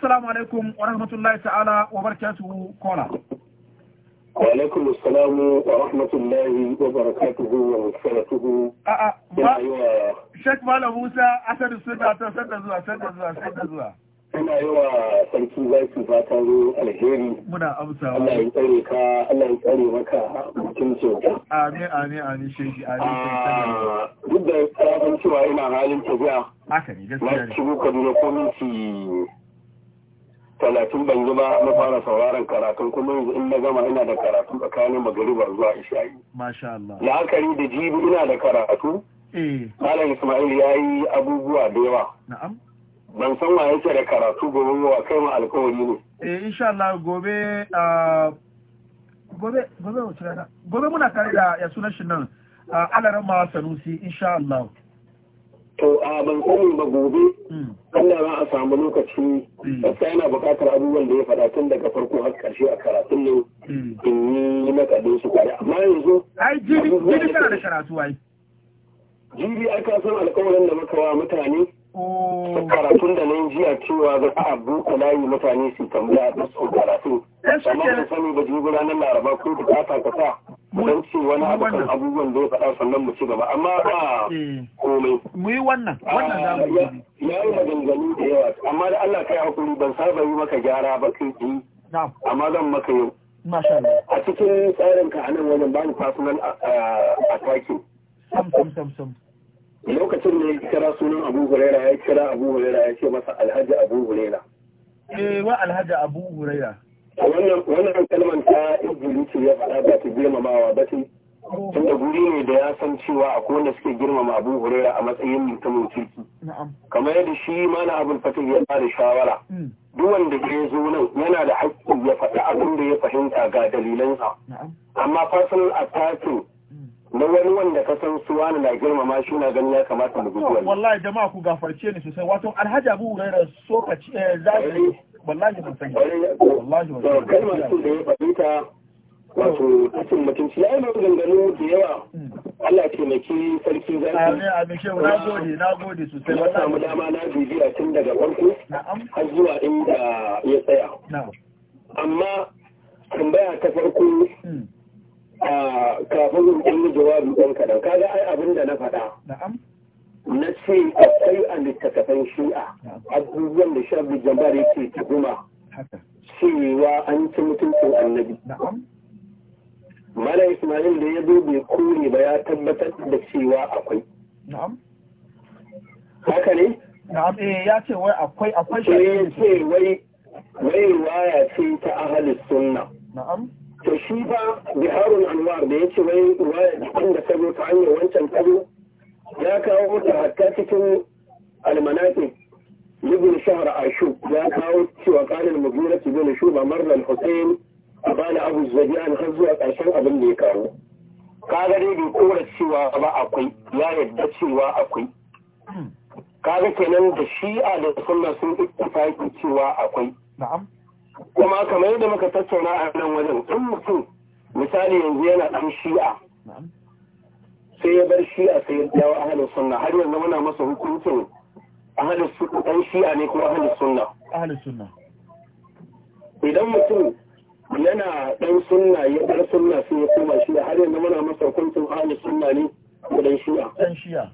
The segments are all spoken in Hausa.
assalamu alaikum wa rahmatullahi ta'ala wa barakatuhu kola wa alaikum assalamu wa rahmatullahi wa barakatuhu wa barakatuhu a a Sheikh malam musa asadu suna ta sanda zuwa sanda zuwa sanda zuwa Ina yi wa sarki zaki zo alheri. Muna wa. Allah ya tsare ka, Allah ya tsare maka mutuncin ka. Amin, amin, amin, shehi, amin, ah, Duk da ya tsara cewa ina halin tafiya. Haka ne, gaskiya ne. Na shigo Kaduna ko minti talatin ban zuba na fara sauraron karatun kuma yanzu in na gama ina da karatu tsakanin magariba zuwa isha'i. Masha Allah. La'akari da jibi ina da karatu. Eh. Malam Ismail ya yi abubuwa da yawa. Na'am. Ban san wa yake da karatu gobe wa kai ma alkawari ne. Eh insha Allah gobe ah, gobe gobe gobe muna tare da ya sunan shi nan. Ah, Alaran ma Sanusi insha Allah. to a ban sani ba gobe wanda hmm. za a samu lokaci hmm. gaskiya yana buƙatar abubuwan da ya faɗa tun daga farko har ƙarshe a karatun ne hmm. in yi makaɗin su kwaɗa amma yanzu ai jiri kana da karatu ai jiri ai ka san alƙawarin da muka wa mutane oh. karatun da nan jiya cewa za a buɗe layi mutane su tambaya da su karatu amma ba sani ba jiri ranar laraba ko ta ka sa mu dan ce mu ci gaba eh. mu yi wannan wannan ah, za mu yi ya yi maganganu da yawa amma da Allah kai hakuri ban saba yi maka gyara ba kai yi amma zan maka yau a cikin tsarin ka anan wajen bani personal ah, ah, attacking sam sam sam sam lokacin da ya kira sunan Abu Huraira ya kira Abu Huraira ya ce masa Alhaji Abu Huraira eh wa Alhaji Abu Huraira wannan kalmar ta ce ya faɗa ba ta girmamawa ba ce tunda guri ne da ya san cewa a kowanne suke girmama abu hurera a matsayin mutumin kirki kamar yadda shi mana abin fatih ya ba da shawara hmm. duk wanda ya zo nan yana da haƙƙi ya faɗi abin da ya fahimta ga dalilansa amma fasin attacking hmm. na wani wanda ka san su wani na girmama shi na gani ya kamata mu gudu wallahi jama'a ku gafarce ni sosai wato alhaji abu hurera sokaci eh, zahiri wallahi ban sani wallahi ban sani kalmar su da ya fahimta wato tafin mutunci ya yi maganganu da yawa hmm. Allah taimaki sarki zaki amin amin na gode na gode dama na bibiya tun daga farko har zuwa inda ya tsaya amma tambaya ta farko hmm. kafin in yi jawabi ɗan kaɗan kaga ai abin da na faɗa na ce akwai a littattafan shi'a abubuwan da shabu jambar yake tuhuma cewa an ci mutuncin annabi mala ismail da ya zo bai kore ba ya tabbatar da cewa akwai haka ne eh, ya ce wai akwai akwai shi ya ce wai wai waya ce ta ahli sunna to shi ba biharun anwar da ya ce wai waya da ta ta hanyar wancan tazo ya kawo ta hatta cikin almanaki libin shahar ashu ya kawo cewa kanin su bin shuba marnal hussein a bana abu zabi'an har zuwa ƙarshen abin da ya kawo kaga dai bai kora cewa ba akwai ya yadda cewa akwai kaga kenan da shi'a da sunna sun ittifaqi cewa akwai kuma kamar yadda muka tattauna a nan wajen in mutum misali yanzu yana ɗan shi'a sai ya bar shi a sai ya dawo ahalin sunna har yanzu muna masa hukuncin ahalin sunna dan shi'a ne ko ahalin sunna ahalin sunna idan mutum yana ɗan sunna ya bar sunna sai ya koma shi har yanzu muna masa hukuncin ahalin sunna ne ko ɗan shi'a dan shi'a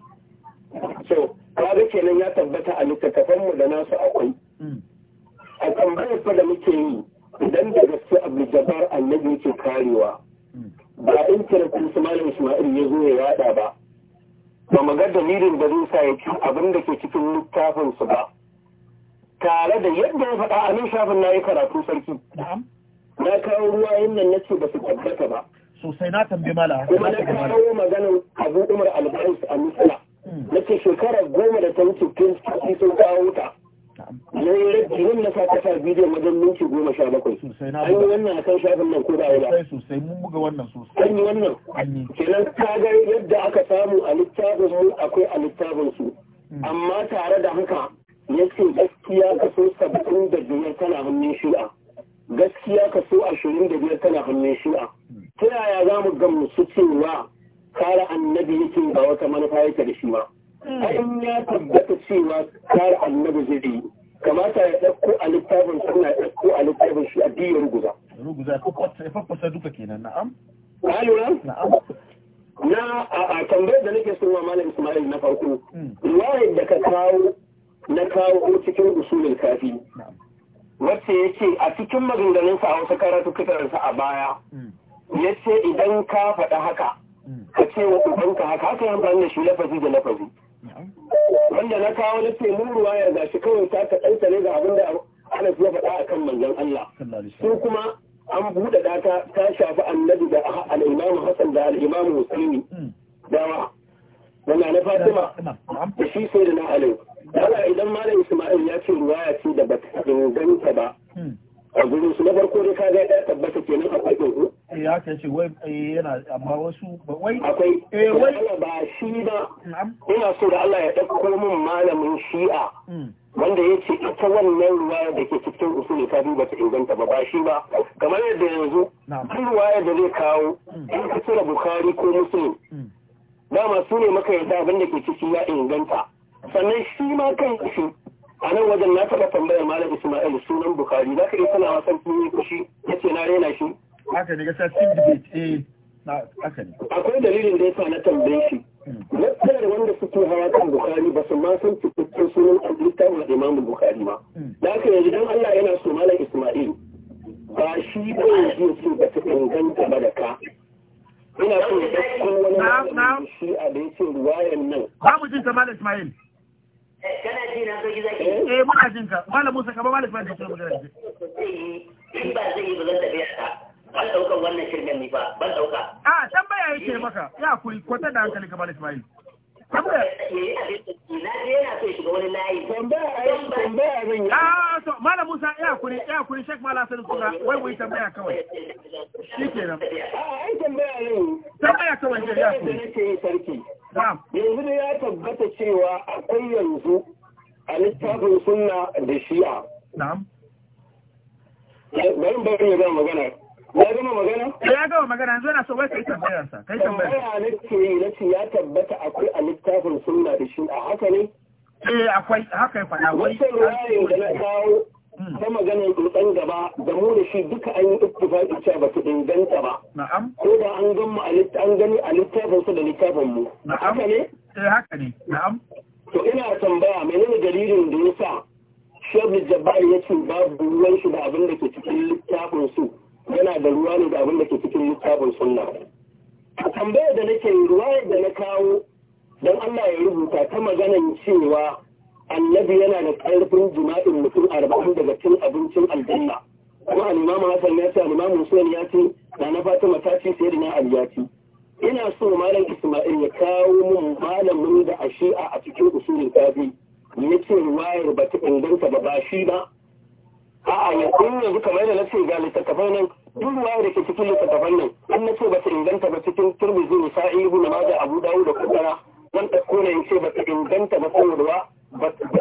so kaga kenan ya tabbata a littattafan mu da nasu akwai mm. a tambayar da muke yi idan da gaske abu jabar annabi yake karewa mm. ba intanet ɗin malam Ismail ya zo ya yada ba ba mu ga dalilin da zai sa ya ci abin da ke cikin littafin su ba tare da yadda ya faɗa a nan shafin na yi karatu sarki na kawo ruwa yin nan na ce ba su tabbata ba sosai na tambi mala kuma na kawo maganar abu umar albais a misala hmm. na ce shekara goma da ta wuce tun sun kawo ta na yi rabbi wannan sa ta sa bidiyon wajen minti goma sha bakwai an yi wannan a kan shafin nan ko da ya ba sosai mun buga wannan sosai an yi wannan kenan ta ga yadda aka samu a littafin mu akwai a littafin su hmm. amma tare da haka ya ce gaskiya kaso saba'in da biyar tana hannun shi'a gaskiya kaso ashirin da biyar tana hannun shi'a ta yaya za mu gamsu cewa kare annabi yake ba wata manufa yake da shi ba ayin ya tabbata cewa kare annabi zai yi kamata ya ɗauko a littafin suna ɗauko a littafin shi a biyar ruguza. Ruguza ya fafasa duka kenan na'am? Na'am. Na'am. Na a tambayar da nake sun wa Malam Ismail na farko, hmm. riwayar da ka kawo na kawo cikin usulin kafi. Wacce ya ce a cikin maganganunsa a wasu karatu kitarsa a baya, hmm. ya ce idan ka faɗa haka, hmm. ka ce wa ubanka haka, haka yi amfani da shi lafazi da lafazi. wanda na kawo na ce mun ruwa ga shi kawai ta ka ne ga abin da Anas ya faɗa akan manzon Allah su kuma an buɗe data ta shafi annabi da al'imamu Hassan da al'imamu musulmi hmm. dawa wanda na Fatima da shi sai da na Ali Allah idan Malam Isma'il ya ce ruwaya ce da ba ta inganta ba hmm. a gurin su na farko dai kaga ya tabbata kenan akwai kwakin ku eh haka ce wai eh, yana amma wasu wai akwai eh wai ba shi ba ina so da Allah ya ɗauko min malamin shi'a hmm. wanda ya ce ita wannan ruwa da ke cikin usuli ta duba ta inganta ba ba shi ba kamar yadda yanzu duk ruwaya da zai kawo hmm. in ka tura bukari ko musulun hmm. dama su ne maka yarda abin da ke ciki ya inganta sannan shi ma kan shi a nan wajen na taɓa tambayar malam ismail sunan bukari za ka iya tana wasan kuma ko shi ya ce na rena shi eh, haka ne akwai dalilin da ya sa na tambaye shi hmm. gaskiya da wanda suke hawa kan bukari ba su ma san cikakken sunan wa imamu bukari ma hmm. da haka yanzu don Allah yana so malam ismail ba shi ba ya ji su ba su inganta ba da ka ina so ya ɗauko wani malamin shi a da ya ce ruwayan nan ba mu jin ta malam ismail Eh, kana ji na zai zaki eh muna jin ka malam Musa ka malam Fadi ka magana ji eh, in ba zai yi ba zan tafi ta ban wannan ni ba ban dauka a tambaya yake maka ya kuri kwata da hankali ka malam Ismail tambaya eh, na je yana so shiga wani layi tambaya tambaya zan yi a ah, to malam Musa ya kuri ya kuri Sheikh Malam Sani Sura wai wai tambaya kawai shikenan a ai tambaya yau tambaya kawai ya yanzu da ya tabbata cewa akwai yanzu a littafin suna da shiya. bari bari ya magana ya gama magana ya gama magana yanzu yana so wai kai tambayar sa yi tambayar Ya ne ce na ce ya tabbata akwai a littafin suna da shiya haka ne eh akwai haka ya faɗa wai da na kawo ta hmm. maganar dutsen gaba da mu da shi duka an yi ittifaqi cewa ba su inganta ba ko da an gan mu an gani a littafin su da littafin mu haka ne eh, haka ne to ina tambaya menene dalilin da yasa Shehu Jabbar ya ce babu ruwan shi da abin da ke cikin littafin su yana da ruwa ne da abin da ke cikin littafin sunna a tambayar da nake ruwa da na kawo don Allah ya rubuta ta maganan cewa annabi yana da ƙarfin jima'in mutum arba'in daga cin abincin aljanna kuma alimamu hasan ya ce alimamu husain ya ce na na fatima ta ce sai na aliya ce ina so malam isma'il ya kawo mun malamin da a shi'a a cikin usulin kafi ya ce wayar ba ta inganta ba ba shi ba a'a ya yanzu kamar yadda na ce ga littattafan nan duk wayar da ke cikin littattafan nan in na ce ba ta inganta ba cikin turmizi sa'i ibn majah abu dawud da kudara wanda ko ne in ce ba ta inganta ba saboda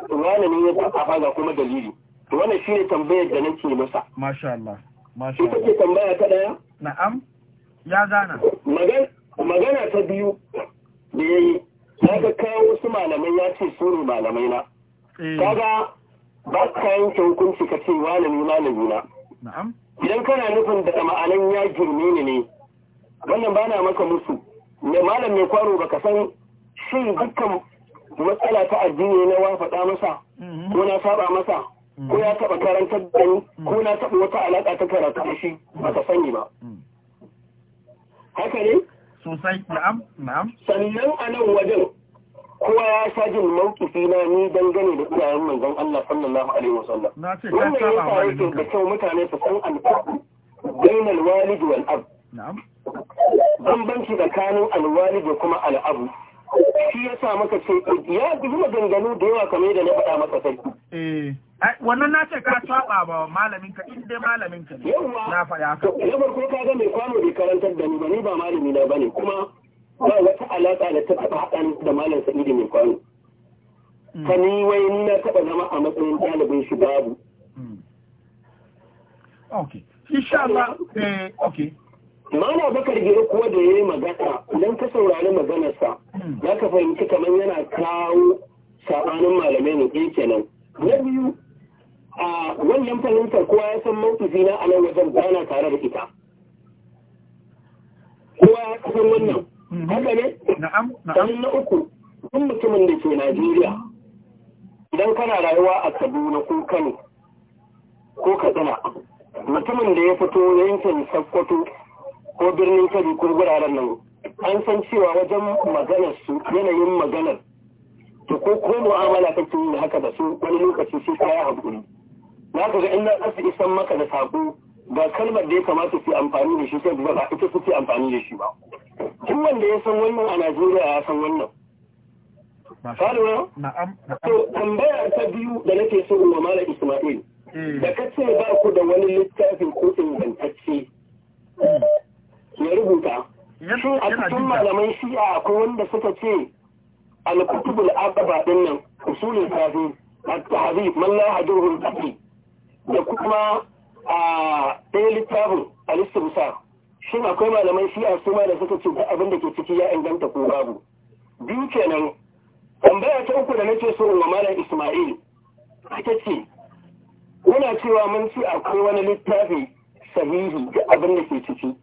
wani ne ya taɓa ga kuma dalili to wannan shine tambayar da nake masa masha Allah masha Allah kike tambaya ta daya na'am ya gana magana magana ta biyu ne yayi kaga wasu su malamai ya ce su ne malamai na eh. kaga ba ka yanke hukunci ka ce wani malami na na'am idan kana nufin da ma'anan ya girme ni ne wannan ba na maka musu ne malam mai kwaro baka san shin dukkan matsala ta addini na wa faɗa masa mhm. ko na saba masa ko ya taɓa karantar da ni ko mhm. na taɓa wata alaƙa ta karatu da shi ba ta sani ba mhm. haka ne sosai na'am na'am sannan a nan wajen kowa ya sha jin mawkifi na ni dangane da iyayen manzon Allah sallallahu alaihi wasallam wannan ya sa yake da kyau mutane su san alƙur'ani bainal walid wal ab na'am bambanci tsakanin alwalid da kuma al'abu shi ya sa maka ce ya guji maganganu da yawa kamar da na faɗa maka sai eh, wannan na ce ka saba ba malamin ka in dai malamin ka ne na faɗa ka na farko ka ga mai kwano bai karantar da ni ba ni ba malami na bane kuma ba wata alaƙa da ta taɓa haɗa da malam sa'idu mai kwano hmm. ka ni wai ni na taɓa zama a matsayin ɗalibin shi babu hmm. okay insha Allah eh okay Mana bakar gero kuwa da ya yi magana, idan ka saurari maganarsa, za ka fahimci kamar yana kawo sabanin malamai ne ɗaya kenan na biyu a wannan fahimtar kowa ya san mawukifi na a nan wajen gana tare da ita kowa ya san wannan haka ne sannan na uku sun mutumin da ke najeriya idan kana rayuwa a kaduna ko kano ko katsina mutumin da ya fito yankin sakkwato ko birnin kano ko guraren nan an san cewa wajen maganar su yanayin maganar to ko ko mu'amala kake yi haka da su wani lokaci sai ka hakuri na ka ga in za isan maka da sako ga kalmar da ya kamata su amfani da shi sai ba ita suke amfani da shi ba wanda ya san wannan a Najeriya ya san wannan Faruwa? To, tambaya ta biyu da nake so wa Malam Ismail. Eh. Da ka ce ba ku da wani littafin ko ingantacce hmm. ya rubuta a cikin malaman shi'a akwai wanda suka ce al-kutubul aqaba din nan usulul kafi at-tahdhib man la haduhu da kuma a ɗaya littafin al-istibsar shin akwai malaman shi'a su ma da suka ce ga abin da ke ciki ya inganta ko babu biyu kenan tambaya ta uku da nake so in wa malam Isma'il ita ce muna cewa mun ci akwai wani littafi sahihi ga abin da ke ciki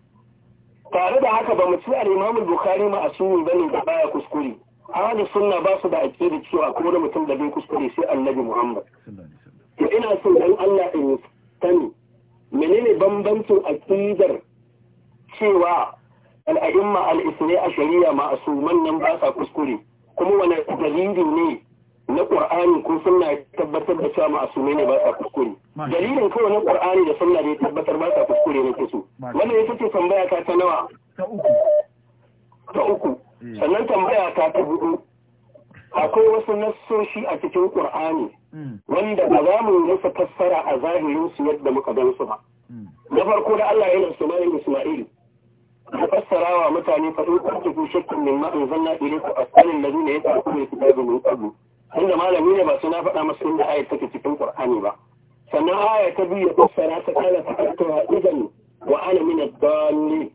tare da haka ba mu ci al-Imam Bukhari ma ba ne da baya kuskure ahli sunna ba su da aqida cewa ko da mutum da bai kuskure sai Annabi Muhammad to ina so dan Allah in sani menene bambancin akidar cewa al-a'imma a shari'a ma'asu ma'asuman nan ba sa kuskure kuma wani dalilin ne na ƙur'ani, ko sunna ya tabbatar da cewa masu ne ba sa kuskure dalilin kawai na ƙur'ani da sunna ne tabbatar ba sa kuskure na kusu wannan ita ce tambaya ta ta nawa ta uku ta uku hmm. sannan tambaya ta ta hudu akwai wasu nassoshi a cikin ƙur'ani. Hmm. wanda ba za mu rasa fassara a zahirin su yadda muka gan su ba hmm. na farko da Allah yana Isma'ilu Isma'il fassara wa mutane fa in kuntu shakkin mimma ma'an zanna ilayku as'alil ladina yaquluna kitabu min qablu inda malami ne ba suna faɗa masa inda ayat take cikin Qur'ani ba sannan aya ta biyu ya fassara ta kala ta kartawa idan wa ana min ad-dallin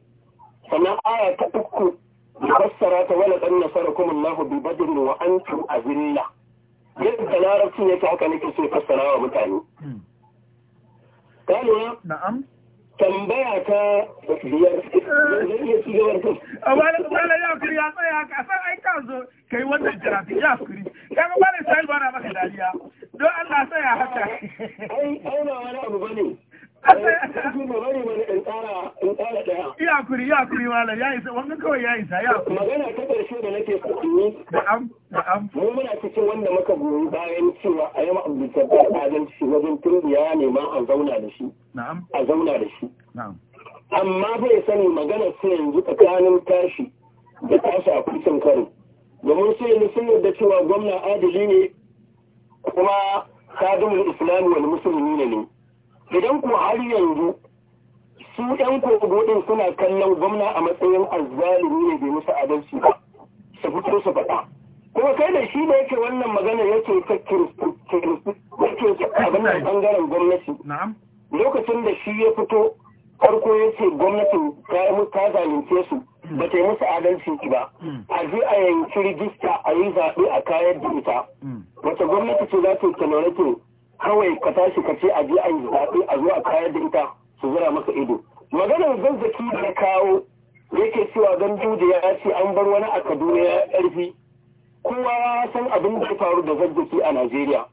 sannan aya ta uku ya fassara ta wala qad nasarakum Allahu bi badr wa antum azilla yadda larabci ne ta haka nake so fassara wa mutane hmm. na'am tambaya ta biyar zai iya ci gabar ta amma da kuma ya kuri ya tsaya a san ai zo kai wannan karatu ya kuri kaga ba da sai ba maka dariya don Allah ya haka ai ai ba wani abu bane Iya kuri, iya kuri wala, ya isa, wanga kawai ya isa, ya kuri. Magana ta ƙarshe da nake kuɗi. Na'am, na'am. Mu muna cikin wanda muka goyi bayan cewa a yama Abdul adalci wajen turbi ne ma a zauna da shi. Na'am. A zauna da shi. Na'am. Amma bai sani magana su yanzu tsakanin tashi da tashi a kusan karo. Domin sai ni sun yarda cewa gwamna adali ne kuma kadin islami wani musulmi ne ne. idan ku har yanzu su ɗan kogo ɗin suna kallon gwamna a matsayin azzalumi ne bai musu adalci ba su fito su faɗa kuma kai da shi da yake wannan magana yake ta kiristu bangaren gwamnati lokacin da shi ya fito farko ya ce gwamnatin ta zalunce su ba ta yi musu adalci ba mm. a je a yanki rijista a yi zaɓe a kayar da ita mm. wata gwamnati ce za ta yi kawai ka tashi ka ce a je a yi zaɓe a zo a kayar da ita su zura maka ido maganar zazzaki da kawo yake cewa don duje ya ce an bar wani a kaduna ya ƙarfi kowa ya san abin da ya faru da zazzaki a najeriya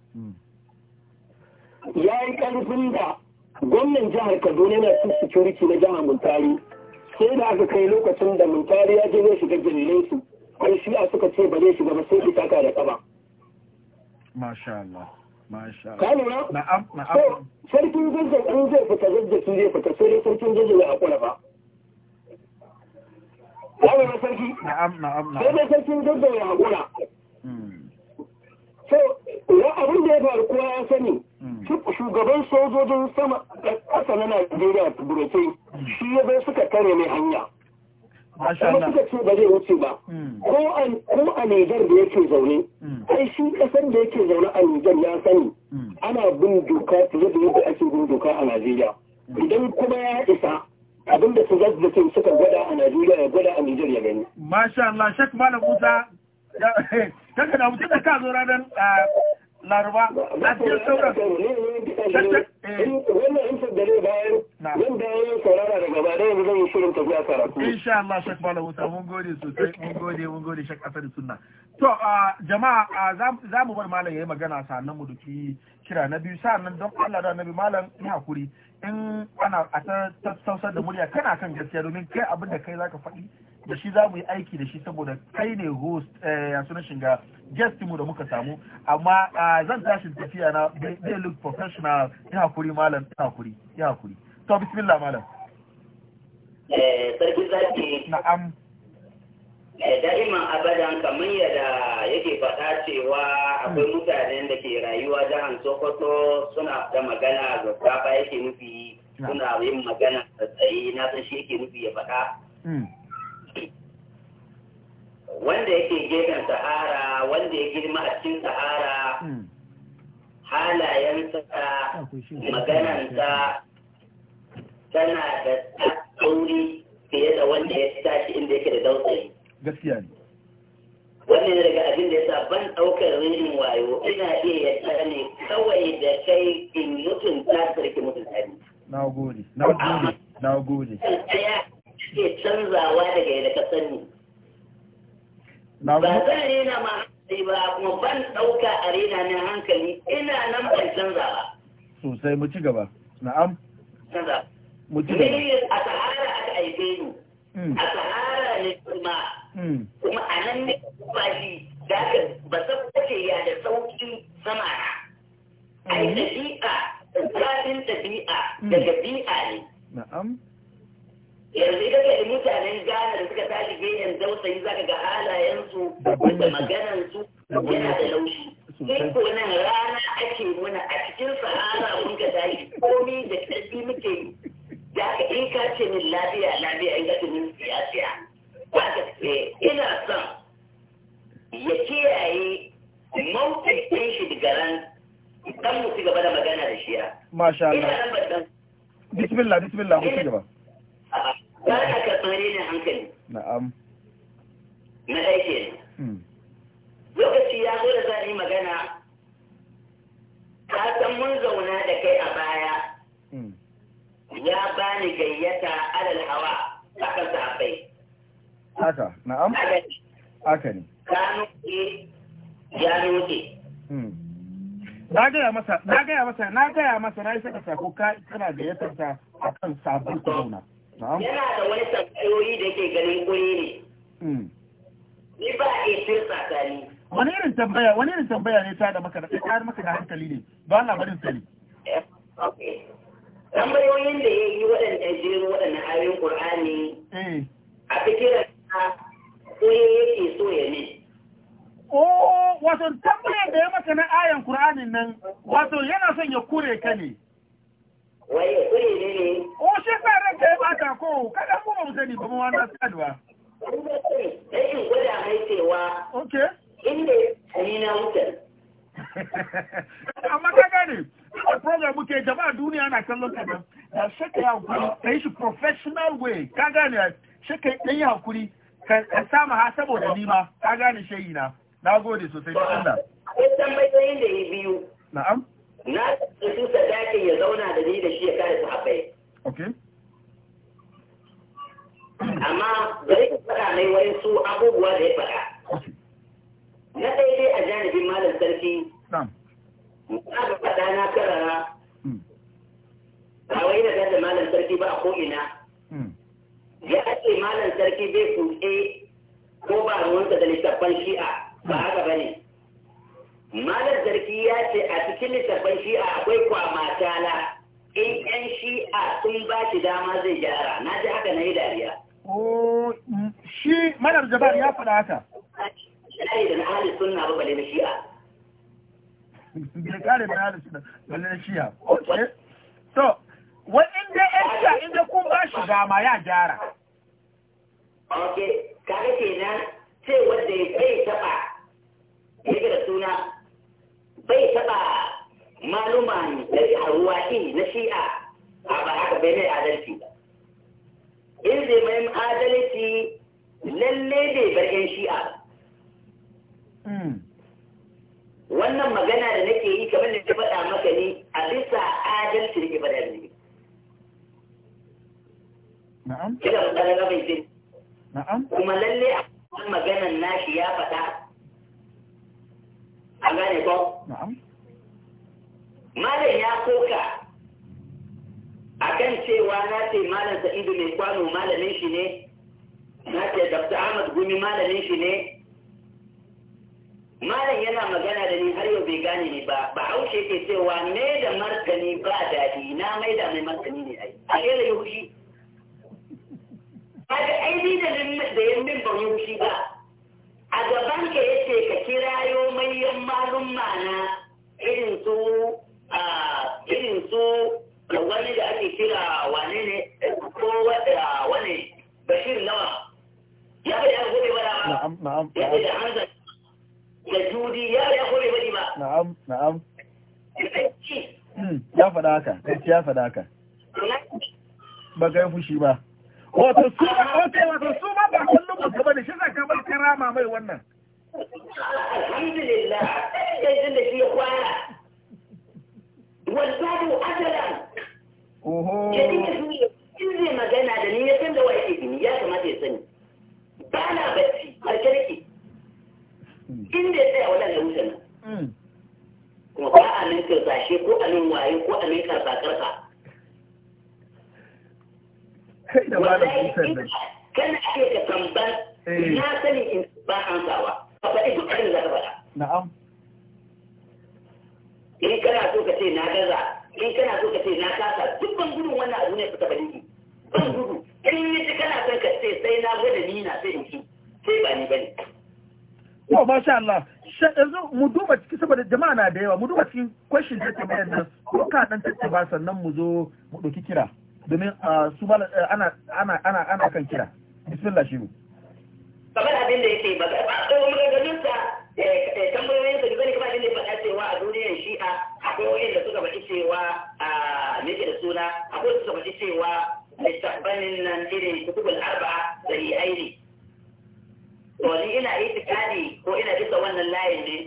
ya yi ƙarfin da gwamnan jihar kaduna yana cin security na jihar muntari sai da aka kai lokacin da muntari ya je zai shiga jarirai su kai a suka ce ba zai shiga ba sai ita ka da kaba masha Allah ka lura sarkin zazzau in zai fita zazzau zai fita sai dai sarkin zazzau ya haƙura ba ya sarki sai dai sarkin zazzau ya haƙura hmm. so ya abin da ya faru kowa ya sani hmm. shugaban sojojin sama ƙasa na najeriya burtai hmm. shi ya bai suka tare mai hanya kuma suka ce ba zai wuce ba hmm. ko a Nijar da yake zaune hmm. ai shi kasar da yake zaune a Nijar ya sani hmm. ana bin doka fiye da yadda ake bin doka a Najeriya idan kuma ya isa abin da su zasu da suka gwada a Najeriya ya gwada a Nijar ya gani masha Allah Sheikh Malam Musa ya daga da mutum da ka zo ranar ah, laraba a cikin sauran wannan amsar da ne bayan zan da yi saurara daga ba da yanzu zan yi shirin tafiya karatu insha Allah shek malawuta mun gode sosai mun gode mun gode shek asali sunna to jama'a za mu bar malam yayi magana sannan mu duki kira na biyu sannan don Allah da nabi malam ni hakuri in ana a ta tausar da murya kana kan gaskiya domin kai abin da kai zaka faɗi da shi za mu yi aiki da shi saboda kai ne host eh, a suna shiga guest mu da muka samu amma ah, zan tashi tafiya na they look professional ya hakuri malam ya hakuri ya hakuri to bismillah malam eh sarki zaki na'am eh, da'iman abadan kamar yadda yake faɗa cewa akwai hmm. mutanen da ke rayuwa jihar sokoto suna da magana ga kafa yake nufi suna yin magana tsaye na san shi yake nufi ya faɗa hmm. wanda yake gefen sahara wanda ya girma a cikin sahara hmm. halayensa maganansa tana da tsauri fiye da wanda ya tashi inda yake da dautsayi gaskiya ne wannan daga abin da yasa ban ɗaukar ririn wayo ina iya yadda ne kawai da kai in ta sarki mutum ne na gode na gode na gode canzawa daga yadda ka sani ba zan rena ma hankali ba kuma ban ɗauka a rena na hankali ina nan ban canza ba sosai mu ci gaba na'am canza mu ci gaba ni a sahara aka aife ni hmm. a sahara ne kuma hmm. kuma a nan ne ba shi da aka ba sabbace ya da sauƙin sama na A ai hmm. ɗabi'a da tsarin tafiya. Daga ɗabi'a ne na'am yanzu ita da mutanen Ghana da suka tashi gehen dausayi zaka ga halayensu da maganansu yana da laushi. Sai ko nan rana ake muna a cikin sahara mun ka dai komai da ƙarfi muke yi. Da ka in ka ce min lafiya lafiya in ka ce min siyasiya. Ba ina son ya kiyaye mautin ɗin shi daga ran dan mu ci gaba da magana da shi ya. Masha Allah. Ina nan ban Bismillah bismillah mu ci gaba. ba ka karɓar ne hankali na'am na aiki hmm. lokaci ya zo da za yi magana ka san mun zauna da kai a baya hmm. ya bani gayyata alal hawa a kan sahabbai haka na'am haka ne ka nuke ya nuke hmm. na gaya masa na gaya masa na gaya masa na yi saka sako ka kana gayyatar ta akan sabon corona yana da wani tambayoyi da ke ganin kuri ne hmm. ni ba a yi tsakani wani irin tambaya wani irin tambaya ne ta da maka da tsakar maka da hankali ne ba na barin sani eh, tambayoyin da ya yi waɗanda jirin waɗanda ayoyin ƙur'ani eh. a fikirar ko ya yake so ya ne Oh, wato tambayar da ya maka na ayan Kur'anin nan, wato yana son ya kure ka ne. o ne. Ko shi fara kai bata ko kada mu ba mu sani mai Okay. ni na Amma ka a program jama'a duniya na kallon ka ya ka yi shi professional way. Ka yi ka ha saboda nima. Ka shayi na. Na gode sosai da da ya biyu. Na'am. na su sadakin ya zauna da ni da shi ya kare su haɓai amma bari ka faɗa mai wani su abubuwa da ya faɗa na daidai a janibin malam sarki na ga faɗa na karara hmm. ba wai da da malam sarki ba a ko'ina hmm. ya ake malam sarki bai kuɗe ko ba ruwansa da littattafan shi'a ba haka ba ne malar zarki ya ce a cikin littafin shi'a akwai kwamatala in yan shi'a sun ba shi dama zai gyara na ji haka na yi dariya oh, mm, shi malar jabar ya faɗa haka yi da na halin suna ba bale na shi'a da kare ba halin na shi'a to wa'in shi'a inda kun ba shi dama ya gyara ok ke kenan ce wanda ya bai taɓa Ya gara suna bai taɓa maluman ruwa'i na shi'a a ba haka bai mai adalci ba in zai mai adalci lalle bai bar shi'a hmm. wannan magana da nake yi kamar da ta faɗa maka ne a bisa adalci da ke faɗa ne na'am kila magana na'am kuma lalle a maganan nashi ya faɗa gane ko malam ya koka kan cewa na ce malam sa'idu mai kwano malamin shi ne na ce dr ahmad gumi malamin shi ne malam yana magana da ni har yau bai gane ni ba ba haushe ke cewa me da martani ba daɗi na mai da mai martani ne ai a yau da yau ba da aini da ya min ban yi hushi ba a gaban ka ce ka kirayo manyan malum mana irin su a irin su wani da ake kira wane ne ko wane bashir nawa ya bai ya gobe wala ba na'am na'am da hanza da judi ya bai ya gobe bari ba na'am na'am hmm, ya faɗa haka kai ya faɗa haka ba kai fushi ba wato su wato su ma ba ba gaba da shi bar karama mai wannan alhamdulillah sai da shi ya kwana oho ya in magana da ni ya san da gini ya kamata ya sani ba na bacci ya tsaya wannan wuce hmm. kuma ba a nan ko a nan waye ko a nan kai da ba da kana ake tamban eh. na sani in ba ansawa ka faɗi duk abin da faɗa na'am in kana so ka ce na gaza in kana so ka ce na kasa duk ban gudun wannan abu ne ka faɗi ban gudu in yi kana son ka ce sai na gwada ni na sai in ci sai ba ni bane ba sha Allah, yanzu mu duba ciki saboda jama'a na da yawa mu duba cikin question da ke mayar nan ko ka dan ba sannan mu zo mu ɗauki kira domin ah, su eh, ana ana ana ana kan kira bismillah shi kamar abin da yake ba ba akwai maganganun sa tambayoyin da dukkan kamar abin da ya faɗa cewa a duniyar shi'a akwai wa'in da suka baki cewa a nake da suna akwai suka baki cewa littabanin nan irin kutubul arba'a da yi aini to ni ina itikadi ko ina bisa wannan layin ne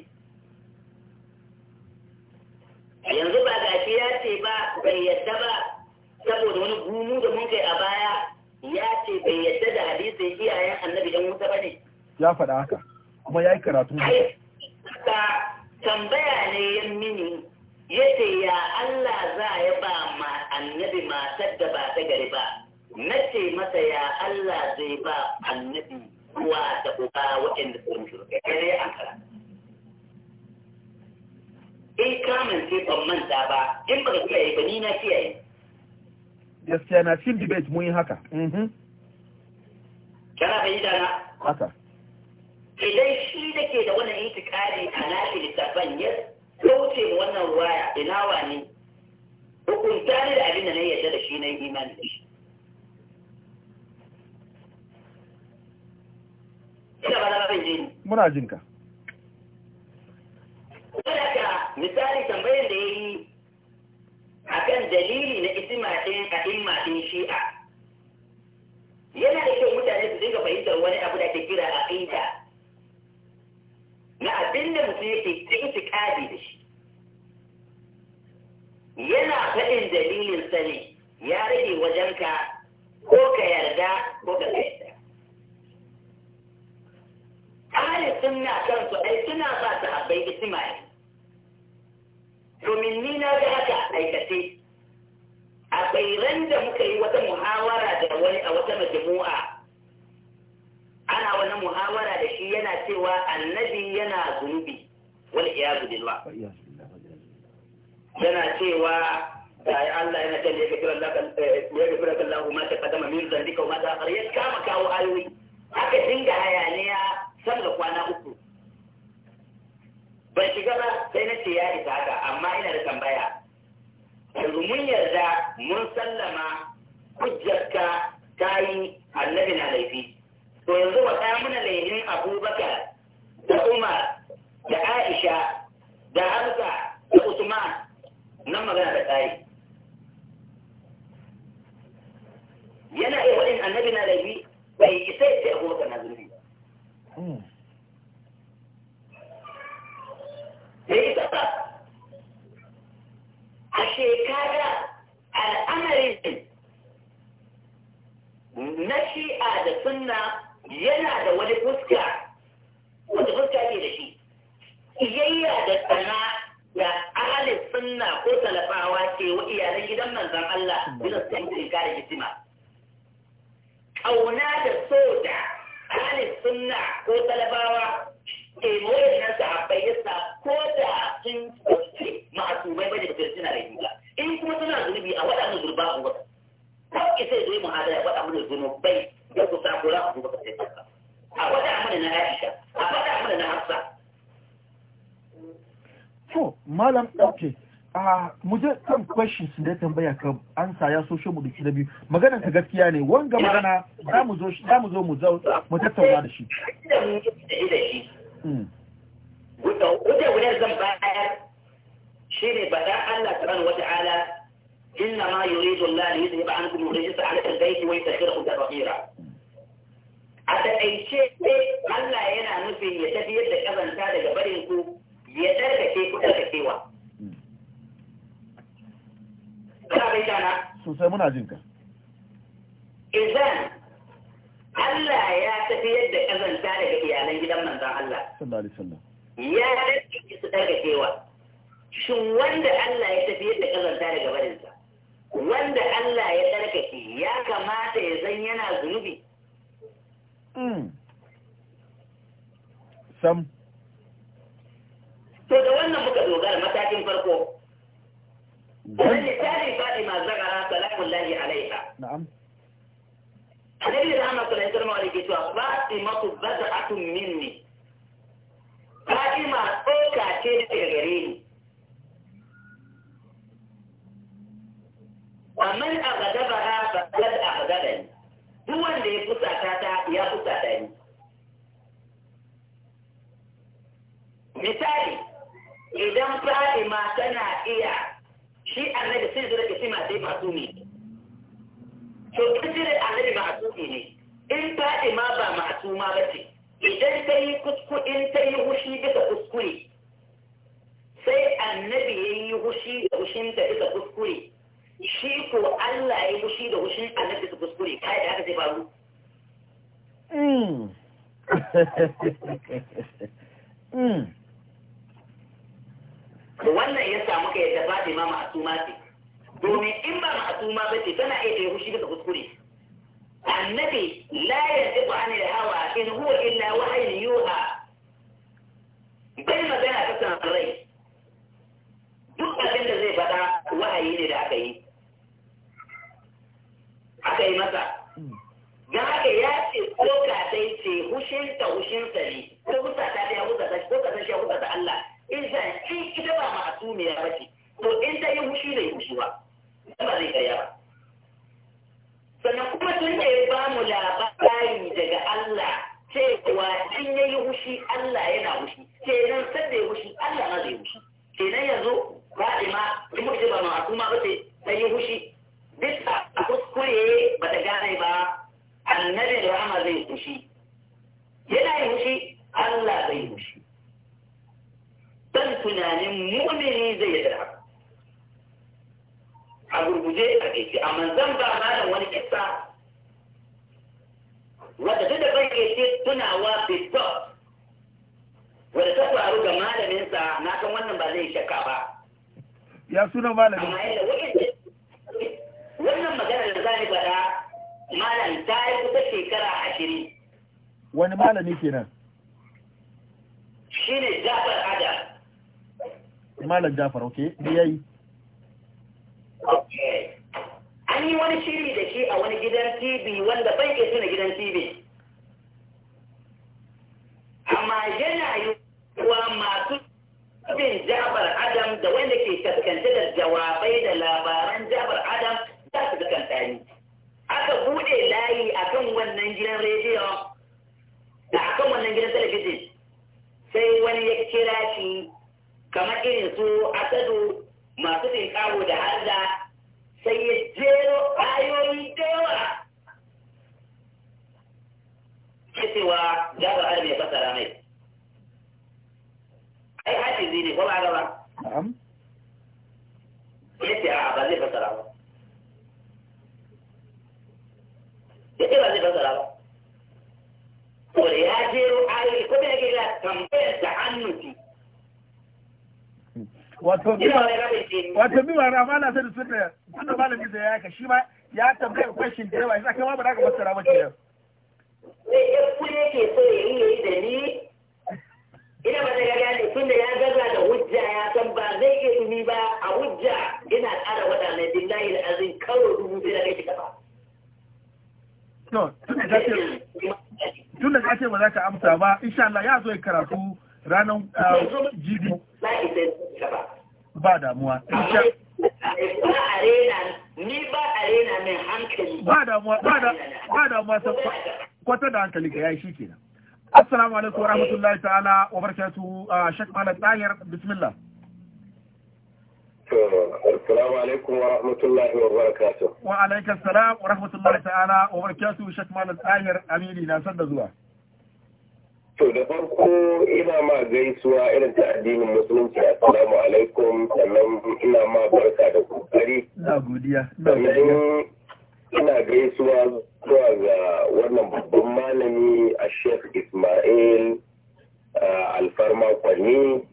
yanzu ba gashi ya ce ba bai yadda ba saboda wani gumu da mun kai a baya ya ce bai yadda da hadisin iyayen annabi dan wuta bane ya faɗa haka kuma ya yi karatu ba tambaya ne ya mini ya ce ya Allah za ya ba ma annabi matar da ba ta gari ba na ce masa ya Allah zai ba annabi uwa da uba waɗanda sun rumshi rukai an kara in kamun sai ban manta ba in ba ka kiyaye ba ni na kiyaye gaskiya na cikin debate mun yi haka mhm. kana fahimta na haka idan shi da ke da wannan itikadi a nashi littafan ya kauce mu wannan ruwaya ina wani ne hukunta ne da abin da na yadda da shi na imani da shi ina ba na jini muna jinka wadda misali tambayar da ya yi akan dalili na isma ɗin a imma shi'a yana da kyau mutane su dinga fahimtar wani abu da ke kira aqida na abin da mutum yake intiqadi da shi yana faɗin dalilin sani ya rage wajenka ko ka yarda ko ka yarda ahli sunna kansu ai suna ba su sahabbai isma'i domin ni na ga haka aikace akwai ran da muka yi wata muhawara da wani a wata majmu'a ana wani muhawara da shi yana cewa annabi yana zunubi iya iyadu ba. yana cewa ya Allah yana kan yake kira Allah ya kira Allah ma ta kadama min zalika wa ma ta akhir ya kama kawo ayoyi aka dinga hayaniya da kwana uku ban shiga ba sai na ce ya isa haka amma ina da tambaya yanzu mun yarda mun sallama hujjarka ta yi annabi na laifi to yanzu ba ta muna laifin abubakar da umar da aisha da harka da usman nan magana da tsari yana iya waɗin annabi na laifi bai isa ya ce abubakar na zurfi hmm. na shi'a da sunna yana da wani fuska wanda fuska ne da shi iyayya da tsana da alif sunna ko talafawa ke wa iyalan gidan manzan Allah bisa sun yankin kare hikima ƙauna da so da alif sunna ko talafawa ke moyar nan sahabbai ya ko da sun kwanci ma'asumai bane da suna da in kuma suna zunubi a waɗannan zurba a wata kan isa zai mu hada ya faɗa mana zunubai ya kusa kula a duba kasai kanka a faɗa mana na Aisha a faɗa mana na Hafsa to malam okay a muje kan questions da ya tambaya ka ansa ya so shi mu duki na biyu maganar ka gaskiya ne wanga magana za mu zo za mu zo mu zo mu tattauna da shi hmm. Wuta wuta zan bayar shi ne ba Allah subhanahu wa ta'ala إنما يريد الله ليذهب عنكم الرجس على البيت ويسخركم تطهيرا a taƙaice Allah yana nufin ya tafiyar da ƙazanta daga barin ku ya tsarkake ku tsarkakewa. Kana bai shana? Sosai muna jin ka. Idan Allah ya tafiyar da ƙazanta daga iyalan gidan manzan Allah. Sallallahu alaihi wasallam. Ya tsarkake su tsarkakewa. Shin wanda Allah ya tafiyar da ƙazanta daga barinsa? wanda Allah ya tsarkake ya kamata ya zan yana zunubi hmm. sam to da wannan muka dogara matakin farko wani tarin tarihi Fatima Zahra a alaiha na'am Annabi Rahama sallallahu alaihi ke yake cewa Fatima tu bad'atun minni Fatima tsoka ce daga gare ni da أغضبها فقد ne duk wanda ya fusata ta ya fusata ni misali idan fa'ima tana iya shi annabi sai zura ma sai masu ne to kujire annabi masu ne in fa'ima ba masu ma ba ce idan ta yi in ta yi hushi bisa kuskure sai annabi ya yi hushi da hushinta bisa kuskure shi ko Allah ya mushi da wushi annabi su kuskure kai da haka zai faru hmm. Hmm. wannan ya samu ka yadda ma masu ce domin in ba masu ba ce tana iya da wushi da kuskure annabi la yantiqu anil hawa in huwa illa wahayin yuha bai magana ta san rai duk abin da zai faɗa wahayi ne da aka yi aka yi masa hmm. ga haka ya ce ko ka sai ce hushinta hushinta ne ko kusa ta ta yahuda ta ko ka san shi yahuda ta Allah in sa in ita ba ma'asumiya ya bace to in ta yi hushi ne hushi ba ba zai karya ba sannan kuma tun da ya ba mu labari daga Allah cewa in ya yi hushi Allah yana hushi kenan sanda ya hushi Allah ma zai hushi kenan yanzu ba ma in mutum ba ma'asuma ba ce ta yi hushi duk a kuskure ba ta gane ba annabi da rama zai fushi yana yi fushi Allah zai fushi dan tunanin mu'mini zai yi da a gurguje a keke a manzan ba ma da wani kissa wadda duk da bai ke tunawa bai wadda ta faru ga malaminsa na kan wannan ba zai shakka ba ya suna malamin amma yadda wannan magana da za ni faɗa malam ta yi kusa shekara ashirin wani malami kenan shi ne jafar adam malam jafar ok yi. yayi an yi wani shiri da shi a wani gidan tv wanda bai ke tuna gidan tv amma yana yi wa masu bin jabar adam da wanda ke kaskance da jawabai da labaran Jafar adam za su dukan tsari aka buɗe layi a kan wannan gidan rediyo da a kan wannan gidan talabijin sai wani ya kira shi kamar irin su asadu masu kawo da harza sai ya jero ayoyi da yawa cewa ba harbi ya fasara mai ai zai ne ko ba ba? Ya ce a ba zai fasara ba duk ba zai fasara ba saboda ya jero ayoyi ko da yake da tambayar da annuti wato wato bi wani amana sai da sunna sunna malami ya yaka shi ma ya tambaya question da yawa yanzu kai ma ba ka fassara ba kenan sai ya kure ke so ya yi yayi da ni ina ba daga gane tunda ya gaza da hujja ya san ba zai iya dumi ba a hujja ina tsara waɗannan billahi azin karo dubu biyar da kake gaba to tun da ce ba za ka amsa ba insha Allah ya zo karatu ranar jibi ah, ba damuwa insha ba damuwa ba damuwa kwata da hankali ga yashi kenan assalamu alaikum warahmatullahi ta'ala wa barakatuhu ah, shek tayar bismillah Assalamu alaikum wa rahmatullahi wa barakatuh. Wa alaika salam wa rahmatullahi ta'ala wa barakatuh Sheikh Malam Tahir Amini na san da zuwa. To da farko ina ma gaisuwa irin ta addinin musulunci assalamu alaikum sannan ina ma barka da kokari. Na godiya. Sannan ina gaisuwa zuwa ga wannan babban malami a Sheikh Ismail Alfarma Kwani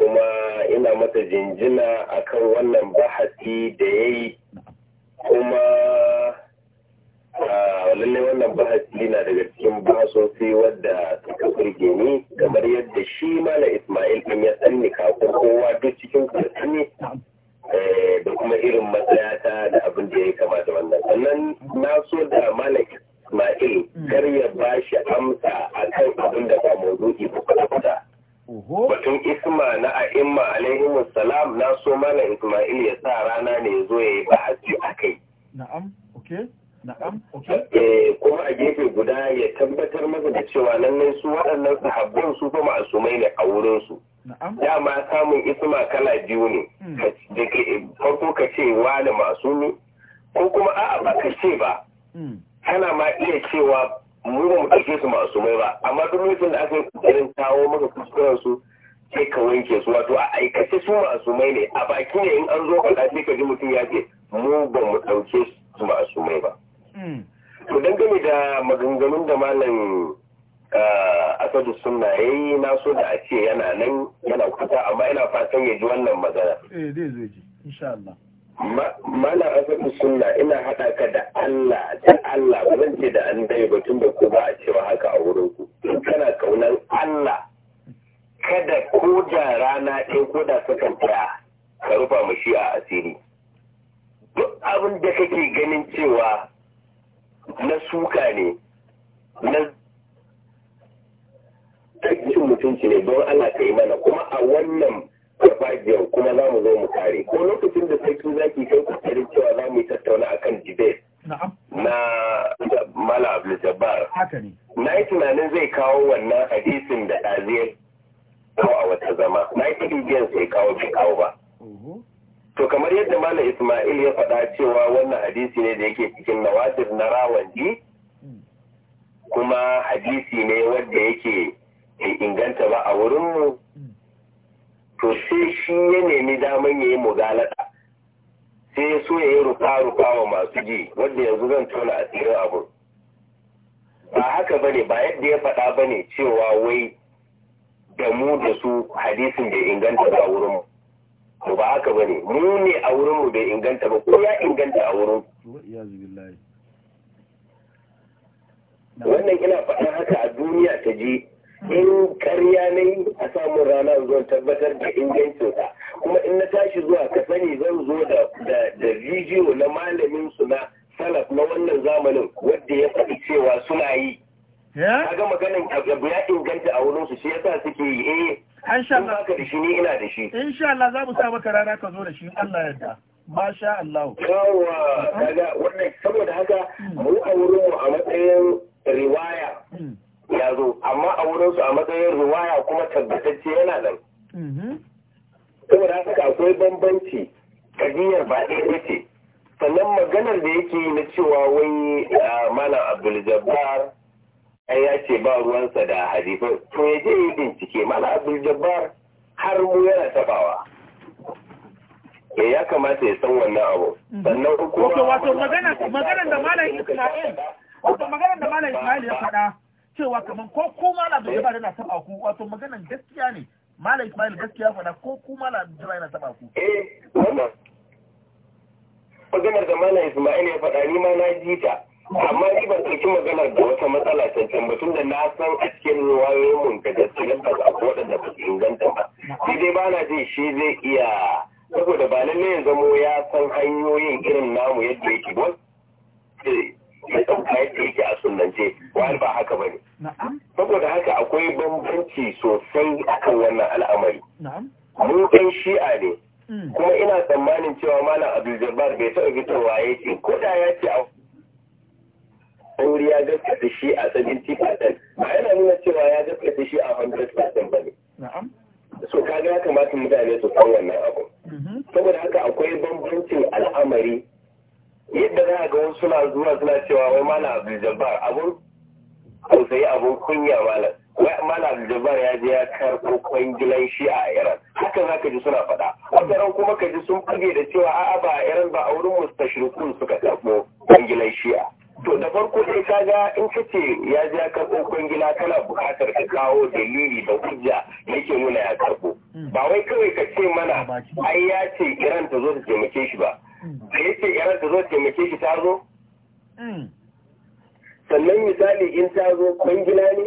kuma ina mata jinjina akan wannan bahasi da ya yi kuma lallai wannan bahasi na daga cikin bahasosi wadda suka kurge ni kamar yadda shi mana ismail ɗin ya tsanni kafin kowa duk cikin kurtani eh, da kuma irin matsayata da abin da ya yi kamata wannan sannan na so da Malik ismail kar ya ba shi amsa akan abin da ba maudu'i ba kwata-kwata batun isma na a'imma alaihim salam na so mana isma'il ya sa rana ne ya zo ya yi ba'azi a kai na'am okay na'am okay eh kuma a gefe guda ya tabbatar masa da cewa lallai su waɗannan sahabban su kuma asumai ne a wurin su ma samun isma kala biyu ne hmm. farko ka ce wani masu ne ko kuma a'a ba ka ce ba hmm. kana ma iya cewa mu ba mu ɗauke su masu mai ba amma duk lokacin da aka yi ƙoƙarin kawo maka kuskuren su sai ka wanke su wato a aikace su masu mai ne a baki ne in an zo faɗa sai ka ji mutum ya ce mu ba mu ɗauke su masu mai ba. Hmm. To dangane da maganganun da malam ah, Asadu suna ya yi na so da a ce yana nan yana kuta amma yana fatan ya ji wannan magana. Eh zai zai ji insha Allah. mana azabu suna ina haɗa ka da Allah da Allah ba ce da annabi ba batun da ku ba a cewa haka a wurin ku kana kaunan Allah kada ko da rana ɗaya ko da sakan ɗaya ka rufa mashi a asiri duk abin da kake ganin cewa na suka ne na cin mutunci ne don Allah ka yi mana kuma a wannan farfajiyar kuma za mu zo mu tare ko lokacin da sarki zaki kai tare cewa za mu yi tattauna akan debate na mala abu jabbar na yi tunanin zai kawo wannan hadisin da ɗaziyar kawo a wata zama na yi tunanin sai kawo bai kawo ba to kamar yadda mala ismail ya faɗa cewa wannan hadisi ne da yake cikin nawadir na ji hmm. kuma hadisi ne wanda yake inganta ba a wurinmu to sai shi ya nemi daman ya yi mugalata sai ya so ya yi rufa-rufa wa masu ji wanda yanzu zan tona asirin abun ba haka ba ne ba yadda ya faɗa ba ne cewa wai da mu da su hadisin bai inganta ba wurin mu ba haka ba ne mu ne a wurin mu bai inganta ba ko ya inganta a wurin wannan ina faɗin haka a duniya ta ji in karya na yi a samun rana zuwa tabbatar da ingancinsa kuma in na tashi zuwa ka sani zan zo da bidiyo na malamin su na salaf na wannan zamanin wadda ya faɗi cewa suna yi ga maganin abu ya inganta a wurin su shi yasa suke yi eh insha Allah ka da shi ni ina da shi insha Allah za mu sa maka rana ka zo da shi Allah yarda masha Allah yawa kaga wannan saboda haka mu a wurin mu a matsayin riwaya hmm. ya zo amma a wurinsu a matsayin ruwaya kuma tabbatacce yana nan mhm. saboda haka akwai bambanci kadiyar ba ɗaya ce sannan maganar da yake yi na cewa wai malam abdul-jabbar ya ce ba ruwansa da hadifai to ya je yi bincike malam abdul-jabbar har mu yana tabawa eh, ya kamata ya san wannan abu mhm. sannan kuma wato maganar da malam isma'il wato maganar da malam isma'il ya faɗa cewa kamar ko kuma malam da yana taba ku wato maganan gaskiya ne malam Ismail gaskiya fada ko ku malam da yana taba ku eh wannan maganar da malam Ismail ya faɗa ni ma na ji ta amma ni ban ɗauki maganar da wata matsala ta can ba tunda na san a cikin wayoyin mun ka da cikin za a waɗanda ba su inganta ba shi dai ba na jin shi zai iya saboda ba lalle ya zamo ya san hanyoyin irin namu yadda yake ba eh. ya ɗauka da yake a sunance wani ba haka ba ne. Saboda haka akwai bambanci sosai akan wannan al'amari. Mun ɗan shi'a ne, hmm. kuma ina tsammanin cewa Malam Abdul Jabbar bai taɓa fitowa ya ce, ko da ya ce a wuri ya gaskata shi a 70% ba yana nuna cewa ya gaskata shi a 100% ba ne. so kaga ya kamata mutane su san wannan abu mm-hmm. saboda haka akwai bambancin al'amari yadda za a ga wasu suna zuwa suna cewa wai malam abdul jabbar abun tausayi abun kunya malam malam jabbar ya je ya karɓo kwangilan shi a iran haka za ka ji suna faɗa wataran kuma ka ji sun fage da cewa a'a ba a iran ba a wurin mustashirikun suka karɓo kwangilan shi'a to da farko dai ka ga in ka ce ya je ya karɓo kwangila kana buƙatar ka kawo dalili da hujja yake nuna ya karɓo ba wai kawai ka ce mana ai ya ce iran ta zo ta taimake shi ba yake yaran ta zo taimake shi ta zo sannan misali in ta zo kwangila ne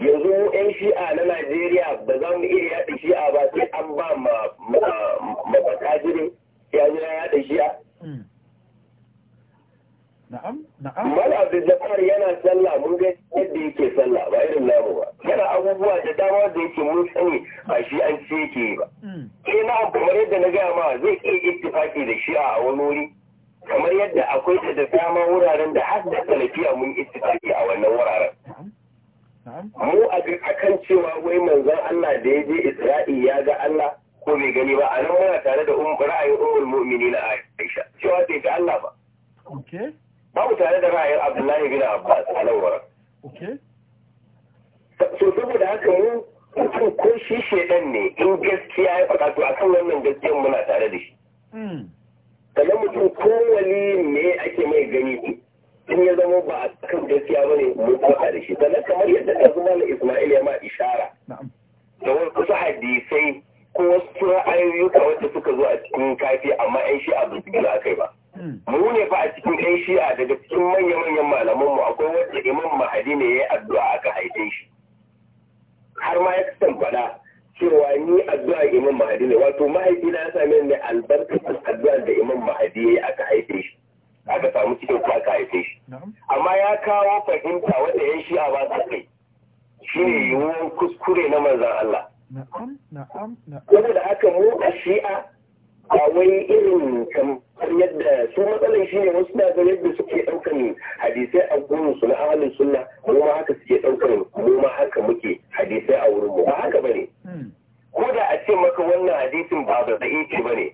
yanzu yan shi'a na najeriya ba za mu iya yaɗa shi'a ba sai an ba ma mafaka ya ya yaɗa shi'a na'am na'am mala yana sallah mun ga yadda yake sallah ba irin namu ba yana abubuwa da dama da yake mun sani ba shi an ce yake ba hmm. eh na'am kamar yadda na gaya ma zai iya ittifaki da shi a wani wuri kamar yadda akwai da da dama wuraren da har da salafiya mun ittifaki a wannan wuraren mu a akan cewa wai manzon Allah da ya je Isra'i ya ga Allah ko bai gani ba a nan muna tare da um, ra'ayin ummul mu'minin Aisha cewa bai ga Allah ba okay babu tare da ra'ayin abdullahi bin abbas a nan wurin so saboda haka mu mutum ko shi shedan ne in gaskiya ya faɗa to akan wannan gaskiyan muna tare da shi sannan hmm. mutum ko wani ne ake mai gani in ya zama ba a kan gaskiya ba ne mutuwa faɗa da shi sannan kamar yadda ta zuma na ismail ya ma ishara da wasu hadisai ko wasu ra'ayoyi wanda suka zo a cikin kafi amma ai shi a su gina kai ba mu ne fa a cikin ɗan shi'a daga cikin manya-manyan malamanmu akwai wanda imam mahadi ne ya yi addu'a aka haife shi har ma ya kasan faɗa cewa ni addu'a imam mahadi ne wato mahaifi na ya same ni albarkacin addu'a da imam mahadi ya yi aka haife shi aka samu cikin ko aka haife shi amma ya kawo fahimta wanda yan shi'a ba su kai shi ne hmm. yiwuwar kuskure na manzan Allah. Na'am, na'am, na'am. da haka mu a shi'a A wani irin kamar yadda su matsalar shi ne wasu da yadda suke ɗaukan hadisai a gurin su na ahalin sunna mu ma haka suke ɗaukan mu haka muke hadisai a wurin mu ba haka ne. Hmm. ko da a ce maka wannan hadisin ba da ba ne.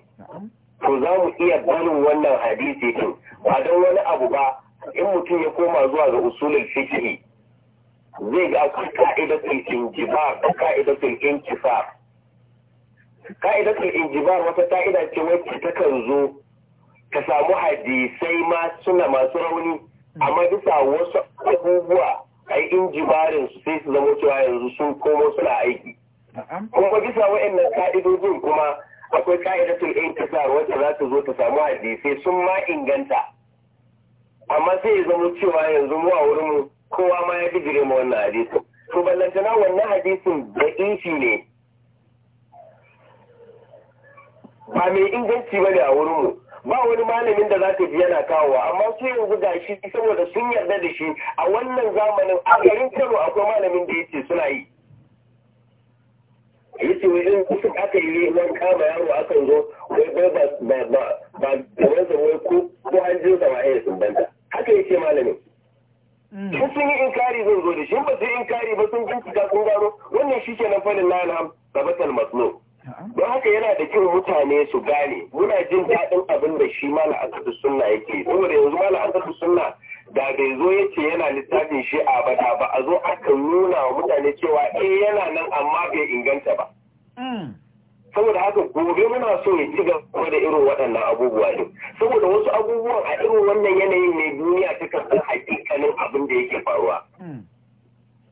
to za mu iya barin wannan hadisi din ba don wani abu ba in mutum ya koma zuwa ga usulul fiqh zai ga akwai ka'idatul injibar da ka'idatul inkisar ka'idar da injibar wata ka'ida ce wacce ta kan zo ka samu hadisai ma suna masu rauni amma bisa wasu abubuwa a yi injibarin su sai su zama cewa yanzu sun komo suna aiki kuma bisa wa'annan ka'idojin kuma akwai ka'idatul intisar wacce za ta zo ta samu hadisai sun ma inganta amma sai ya zama cewa yanzu mu a wurinmu kowa ma ya bijire ma wannan hadisin to ballantana wannan hadisin da ne ba mai inganci ba ne a wurinmu ba wani malamin da za ta ji yana kawowa amma su yanzu ga shi saboda sun yarda da shi a wannan zamanin a garin kano akwai malamin da yace suna yi yace wai in sun aka yi wani kama yaro akan zo wai ba ba ba ba ba gaban sa wai ko ko hanjin sa ba ya sun banta haka yace malamin in mm. sun yi inkari zan zo da shi ba su yi inkari ba sun bincika sun gano wannan shi ke nan falin lalham gabatar maslo don haka yana da kyau mutane su gane muna jin daɗin abin da shi mala asadu sunna yake saboda yanzu mala asadu sunna da bai zo ya ce yana littafin shi a bada ba a zo aka nuna wa mutane cewa eh yana nan amma bai inganta ba mm. saboda haka gobe muna so ya ci gaba da irin waɗannan abubuwa ne saboda wasu abubuwan a irin wannan yanayin ne duniya ta kasar hakikanin abin da yake faruwa mm.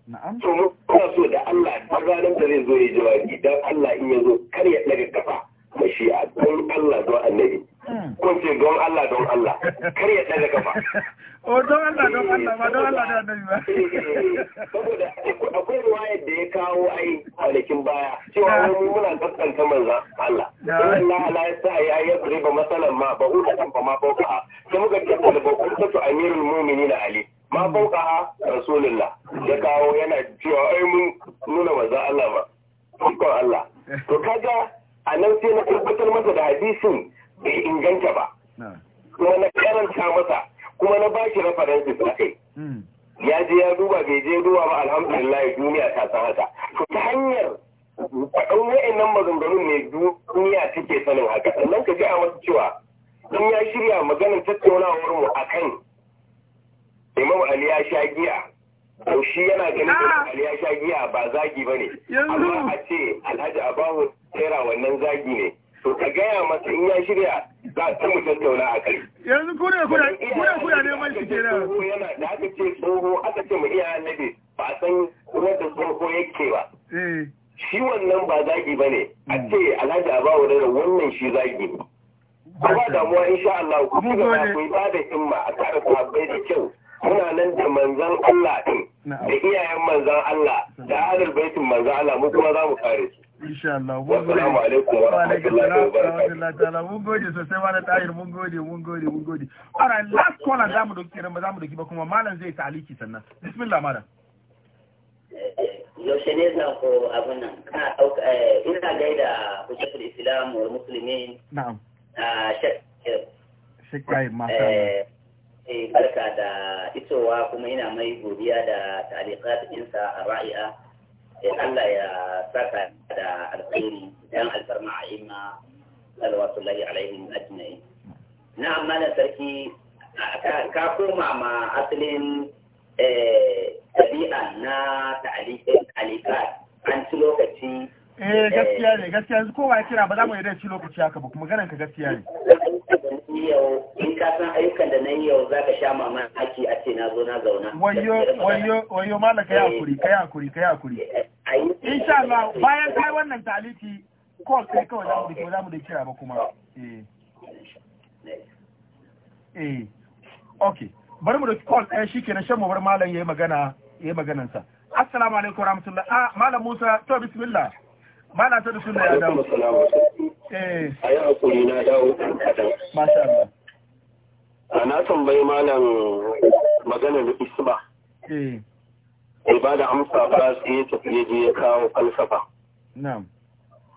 to muna so da Allah duk ranar da zai zo ya jawabi dan Allah in ya zo kar ya daga kafa mashi'a don Allah don annabi hmm. Kun ce don Allah don Allah kar ya daga kafa o oh, don Allah don Allah ba don Allah don annabi ba eh, saboda akwai ruwayar da ya kawo ai kwanakin baya cewa wani muna kaskanta manzan Allah Allah ala ya sa ya ya riba masalan ma ba hudu kan ba ma ba ka sai muka ce da bakun ta amirul mu'minin Ali ma hmm. a rasulullah ya kawo yana cewa ai mun nuna maza Allah ba ikon Allah to kaga a nan sai na tabbatar masa da hadisin bai inganta ba kuma na karanta masa kuma na bashi reference a kai hmm. ya je ya duba bai je duba ba alhamdulillah duniya ta san haka to ta hanyar faɗin wa'annan maganganun ne duniya take sanin haka sannan ka ji a wasu cewa in ya shirya maganar tattaunawar mu akan imam ali ya sha giya to yana ganin imam ah! ali ya sha giya ba zagi ba ne amma a ce alhaji abahu tera wannan zagi ne to ka gaya masa in ya shirya za ta mu tattauna a kai yanzu kuna kuna kuna kuna neman shi kenan yana da aka ce tsoho aka ce mu iya annabi ba san da tsoho yake ba eh. shi wannan ba zagi ba ne a hmm. ce alhaji abahu da wannan shi zagi ne ba damuwa insha Allah ku ci gaba ku ba da himma a tsara sahabbai da kyau muna nan da manzan Allah din da iyayen manzan Allah da ahlul baitin manzan Allah mu kuma za mu kare su insha Allah mun gode assalamu alaikum wa rahmatullahi wa barakatuh mun gode sosai wani tayir mun gode mun gode mun gode ara last call za mu doki ran ba za mu doki ba kuma malam zai taliki sannan bismillah malam yaushe ne za ku abin nan kana dauka eh, ina gaida hujjatul islam wal muslimin na'am ah shek shek masha Allah eh, Eh barka da isowa kuma ina mai godiya da talikat insa a ra'i'a. Eh Allah ya saka da alkhairi yan alfarma a ima salawatullahi alaihim ajma'in. Na amma da sarki ka koma ma asalin ɗabi'a eh, na talikat an ci lokaci eh gaskiya ne gaskiya ko kowa ya kira ba za mu yi ci lokaci haka ba kuma ganin ka gaskiya ne yi yau in ka san ayyukan da nan yau za ka sha mamaki a ce na zo na zauna wayo wayo wayo mala kai eh. hakuri kai hakuri kai eh, hakuri insha Allah bayan kai wannan taliki ko sai ka kawai zamu dake zamu da kira ba kuma oh. eh. eh eh okay bari mu da call ɗaya shikenan shan mu bar malam yayi magana yayi maganar sa assalamu alaikum warahmatullahi ah malam Musa to bismillah malam ta da sunna ya dawo Eh. a yi hakuri na dawo kaɗan a na tambayi malam maganar isma eh. bai amsa ba sai ya tafi je ya kawo falsafa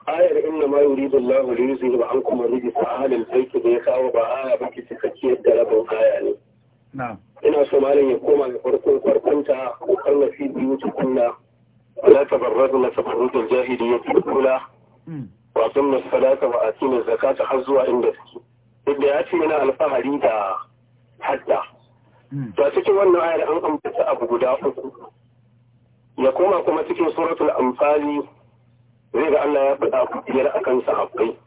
ayar inna ma yuridu Allahu li yuzhiba ankum ar-rijsa halin da ya kawo ba aya ba ki cikakkiyar da rabin aya ne ina so malam ya koma ga farko farkonta ko karna fi biyu tukunna wala tabarrajna tabarrujal jahiliyyati al-ula hmm. wa sunna ba wa atina zakata har zuwa inda suke duk ya ce yana alfahari da hadda hmm. to cikin wannan ayar an ambata abu guda uku ya koma kuma cikin suratul amfani zai ga Allah ya faɗa biyar akan sahabbai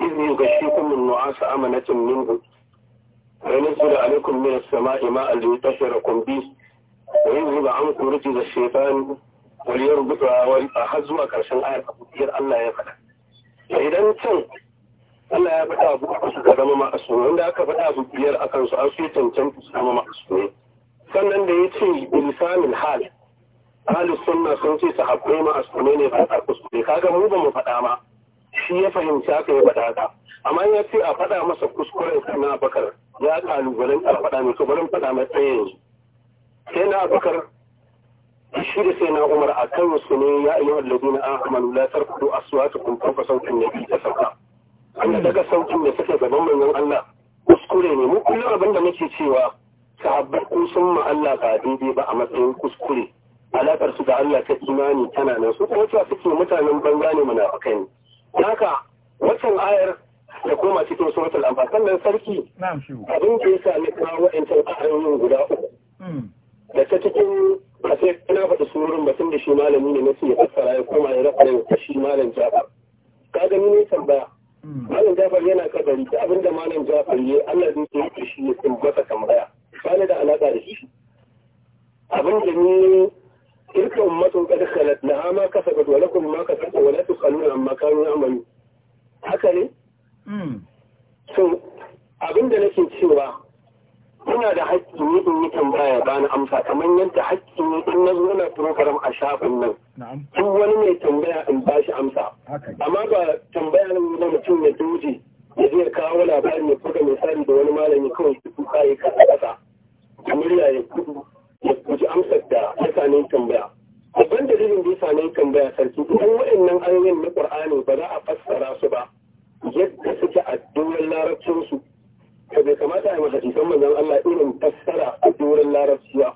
izni ga shi kuma nu'asa amanatin minhu وينزل عليكم من السماء ماء ليطهركم به ويذهب عنكم رجز a وليربط وأحزوا كرشن آية Allah ya faɗa. idan can Allah ya faɗa abu uku su zama ma'asu wanda aka faɗa abu biyar a kansu an fi cancanta su zama ma'asu sannan da ya ce bilisanin hal Halis sunna sun ce sahabbai ma asune ne ba ta kuskure kaga mu ba mu faɗa ma shi ya fahimci haka ya faɗa ta amma ya ce a faɗa masa kuskuren sai na bakar ya kalubalen a faɗa mai to bari faɗa mai tsaye yanzu sai na bakar da sai na umar a kan su ne ya yi wallabi na amalu la tarkudu aswatukum fawqa sautin nabi ta sauka an daga sautin da suke gaban manyan Allah kuskure ne mu kullum abin da muke cewa sahabbai kun sun ma Allah ba daidai ba a matsayin kuskure alaƙar su da Allah ta imani tana nan su kuma cewa suke mutanen banza ne munafikai ne haka wancan ayar da koma cikin suratul anfal sannan sarki abin da ya sami kawo wa'ancan ayoyin guda uku hmm. da ta cikin a sai kana faɗi surorin batun da shi malami ne na ce ya fassara ya koma ya rafa ya shi malam jafar ka ga ni ne tambaya hmm. malam jafar yana kadari ta abin da malam jafar ya Allah zai ce yake shi ya sun masa tambaya ba da alaƙa da shi abin da ni tilka ummatun qad hama kasa ma kasabat wa lakum ma kasabtum wa la na amma kanu amani haka ne hmm. so abin da nake cewa muna da haƙƙi ne in yi tambaya ya bani amsa kamar yadda haƙƙi ne in na zo na program a shafin nan duk wani mai tambaya in ba shi amsa amma ba tambaya na mutum ya doje ya zai kawo labari ya buga misali da wani malami kawai su kuka ya kasa kasa ya kudu ya guji amsar da ya sani tambaya babban dalilin da ya sani tambaya sarki idan waɗannan ayoyin na ƙur'ani ba za a fassara su ba yadda suke a doron larabcinsu Ka bai kamata a masa isan manzon Allah irin fassara a turin larabciya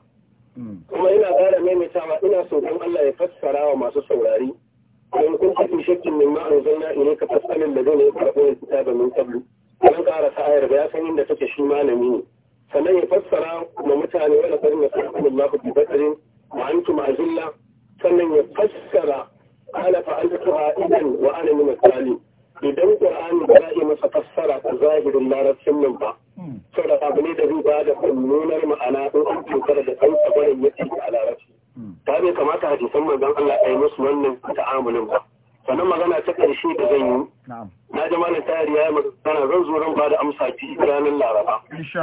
hmm. kuma ina ƙara maimaitawa ina so don Allah ya fassara wa masu saurari don kun kafi shakkin min ma'an zanna ile ka fassalin da zai ya karɓo ya fita da min kablu don ƙara sa'ayar da ya san inda take shi malami ne sannan ya fassara ma mutane wani karin ya sarkun Allah ku bibatarin wa antum azilla sannan ya fassara ala fa'altuha idan wa ana min idan ƙur'ani ba ya masa fassara ta zahirin larabci ɗin nan ba saboda abu ne da zai ba da mummunar ma'ana ko an cutar da ɗan tsabarin ya ɗauki a larabci ta bai kamata a jisan manzon Allah a yi musu wannan ta'amulin ba sannan magana ta ƙarshe da zan yi na ji malam tayari ya yi magana zan zo ran ba da amsa ci ranar laraba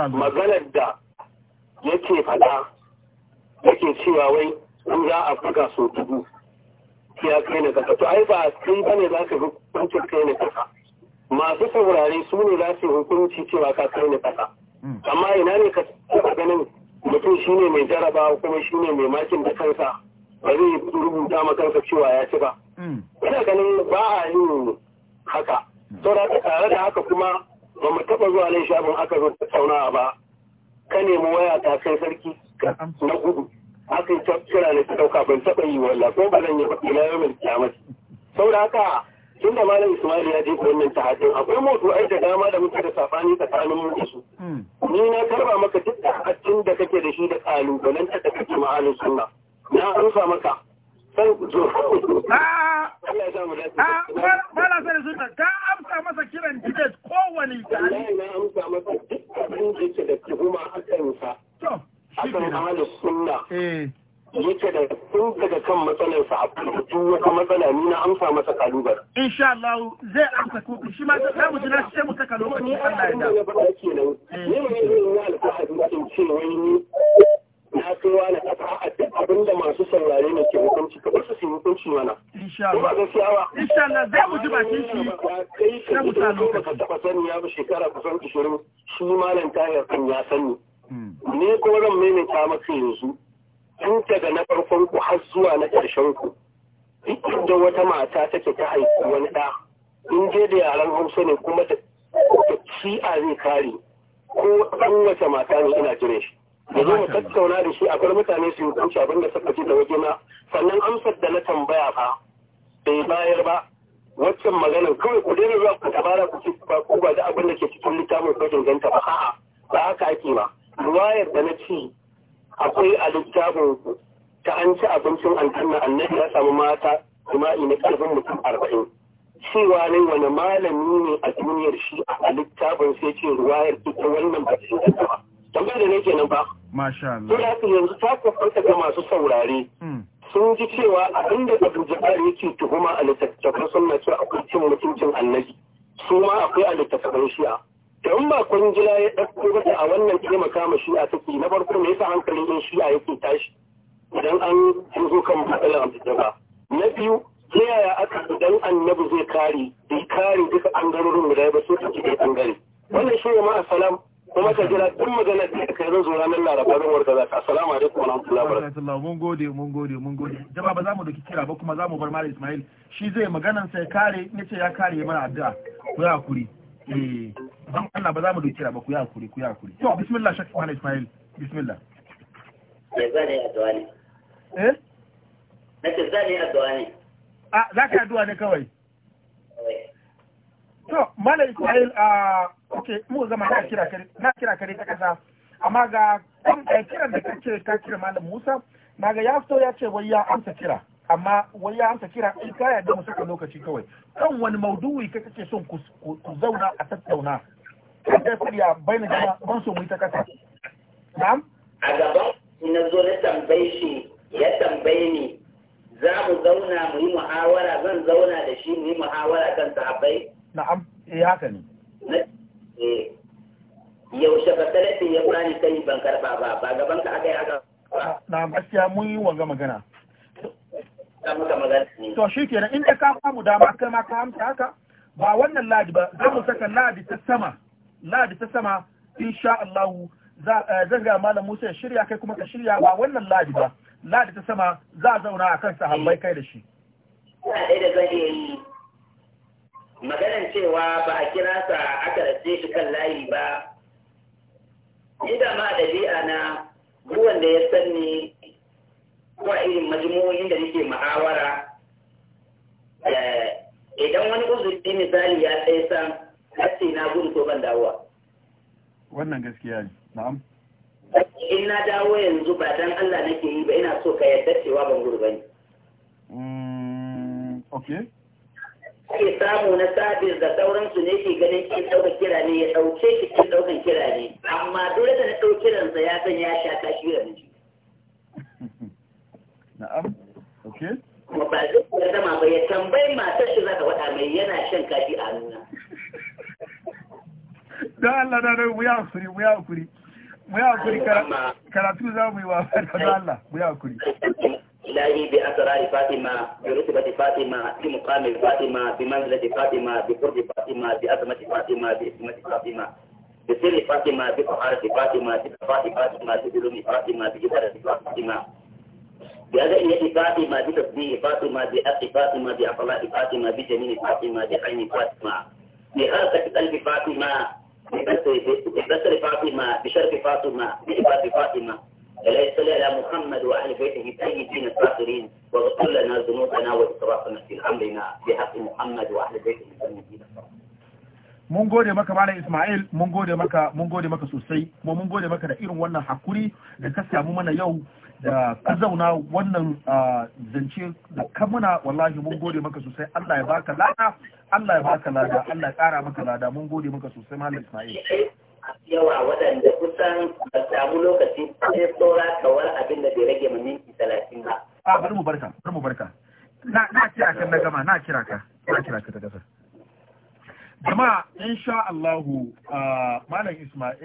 maganar da yake faɗa yake cewa wai in za a buga so dubu ya kai na kasa to ai ba sun bane za ka fi kwancin kai na kasa masu saurare su ne za su hukunci cewa ka kai ni kasa hmm. amma ina ne ka kuka ganin mutum shine mai jaraba kuma shine mai makin da kansa ba zai rubuta ma kansa cewa ya ci ba hmm. ina ganin ba a yin haka hmm. saboda tare da haka kuma ba mu taba zuwa nan shafin aka zo tattaunawa ba ka nemi waya ta kai sarki na gudu aka yi kira ne ta dauka ban taba yi wallahi ko ba zan yi ba ina yau mai Sau da haka tun da malam Ismail ya je wannan tahajjud akwai ai da dama da muke da sabani tsakanin mu da su hmm. ni na karba maka duk tahajjud da kake da shi da balan ta da kake ma'anin sunna na rufa maka san zo ah! Allah ya samu ah! bala sai sunna ka amsa masa kiran wani kowani ka na amsa masa duk abin da yake da kuma hakan sa akan amalin sunna eh. yake da tunka da kan matsalar sa a duk wata matsala ni na amsa masa kalubale insha Allah zai amsa ko shi ma za mu ji na sai mu saka lokaci Allah ya da kenan eh. ni ne ne ne alfahari in ce ni na kai na kasa a duk abin da masu saurare ne ke hukunci ka basu su hukunci mana insha Allah ba insha Allah zai mu ji bakin shi kai shi sa lokaci ka taba sani ya bi shekara kusan 20 shi malam tayar kan ya sani hmm. ne ko zan maimaita maka yanzu tun daga na farkon ku har zuwa na ƙarshen ku duk inda wata mata take ta haifi wani ɗa in je da yaran hausa ne kuma da a zai kare ko ɗan wace mata ne ina jiran shi da zo tattauna da shi akwai mutane su yi kunci abinda suka ji da waje na sannan amsar da na tambaya ba bai bayar ba waccan maganar kawai ku daina zuwa ku tabara ku ci ba ku ba da abin da ke cikin littafin ko ganta ba a'a ba haka ake ba ruwayar da na ci akwai a littafin ta an ci abincin aljanna annabi ya samu mata jima'i na karfin mutum arba'in cewa ne wani malami ne a duniyar shi a littafin sai ce ruwayar ita wannan ba ta inganta ba tambayar da ne nan ba masha Allah to yanzu ta kwafarta ga masu saurare hmm. sun ji cewa abin da Abu Jabbar yake tuhuma a littattafan sunna cewa akwai cin mutuncin annabi su ma akwai a littattafan shi'a da in ba kwangila ya ɗauko mata a wannan taimaka ma shi a take na farko me yasa hankalin in shi a yake tashi idan an zo kan matsalar abdullaba na biyu ta yaya aka idan annabi zai kare da ya kare duka ɓangarorin guda ba sai kan cikin ɓangare wannan shi ne ma salam kuma ka jira duk magana da ka yi zo ranar laraba zan warka za ka assalamu alaikum wa rahmatullahi wa barakatuh mun gode mun gode mun gode jama'a ba za mu doki kira ba kuma za mu bar malam ismail shi zai maganan sai kare in ce ya kare mana addu'a ku ya kuri eh. dan Allah ba za mu doki ba ku ya kuri ku ya kuri to bismillah shakki mana ismail bismillah ya zane addu'a ne eh nake zane addu'a ne a ah, za ka addu'a ne kawai to mala ismail a ah, okay mu zama na kira kare na kira kare ta kasa amma ga kun eh, kiran da ka kira malam Musa naga ya fito ya ce wai ya amsa kira amma wai ya amsa kira in ka yarda mu saka lokaci kawai kan wani maudu'i ka kake son ku zauna a tattauna kada sariya bai na ban mu ta kasa na'am a gaba na zo na tambaye shi ya tambaye ni za mu zauna mu yi muhawara zan zauna da shi mu yi muhawara kan sahabbai na'am eh haka ne eh, yaushe ba talatin ya kurani kai ban karba ba ba gaban ka aka yi haka na gaskiya mun yi wanga magana to shi kenan inda ka samu dama kai ma ka amsa haka ba wannan ladi ba za mu saka ladi ta sama ladi ta sama insha Allah eh, zan ga malam Musa ya shirya kai kuma ka shirya ba wannan ladi ba ladi ta sama za zauna a kan sahabbai kai da shi da zan yi maganan cewa ba a kira sa aka race shi kan layi ba idan ma ɗabi'a na ruwan da ya sanni ko irin majmu'o'in da nake mu'awara eh, idan wani uzuri misali ya tsaye san kace na gudu ko ban dawowa wannan gaskiya ne na'am in na dawo yanzu ba dan Allah nake yi ba ina so ka yarda cewa ban gudu bane mm okay ke samu na sabis da sauransu ne ke ganin ke ɗaukar kira ne ya ɗauke shi ke ɗaukar kira ne amma dole da na ɗaukiransa ya san ya sha kashi da miji. Na'am, ok. Kuma ba zai kuma zama ba ya tambayi matar shi za ka faɗa mai yana shan kashi a nuna. لا لا لا لا لا hakuri muya hakuri muya hakuri karatu za mu yi wa don Allah muya hakuri إلهي بأسرار فاطمة برتبة فاطمة بمقام فاطمة بمنزلة فاطمة بقرب فاطمة بأزمة فاطمة باسمة فاطمة بسر فاطمة بطهارة فاطمة بكفاء فاطمة بظلم فاطمة بجدارة فاطمة بأدعية فاطمة بتسبيح فاطمة بأخ فاطمة بأخلاق فاطمة بجميل فاطمة بعين فاطمة بحركة قلب فاطمة بكسر فاطمة بشرف فاطمة بإباء فاطمة ألا يصلي على محمد وأهل بيته سيدين الطاهرين واغفر لنا ذنوبنا وإسرافنا في أمرنا بحق محمد وأهل بيته سيدين الطاهرين mun gode maka malam Ismail mun gode maka mun gode maka sosai kuma mun gode maka da irin wannan hakuri da ka samu mana yau da ka zauna wannan zance da ka muna wallahi mun gode maka sosai Allah ya baka lada Allah ya baka lada Allah ya kara maka lada mun gode maka sosai malam Ismail yawa waɗanda kusan ba samu lokaci sai tsora kawar abin da bai rage mu minti talatin ba. A ah, bari mu barka, bari mu barka. Na kira ka na gama, na kira ka, na kira ka ta gasa. jama'a insha Allahu uh, malam Ismail